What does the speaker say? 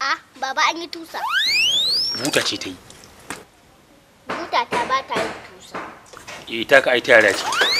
Ah, baba an yi tusa buta ce ta yi buta ta ba ta yi tusa ita eh, ka ai ta yara ce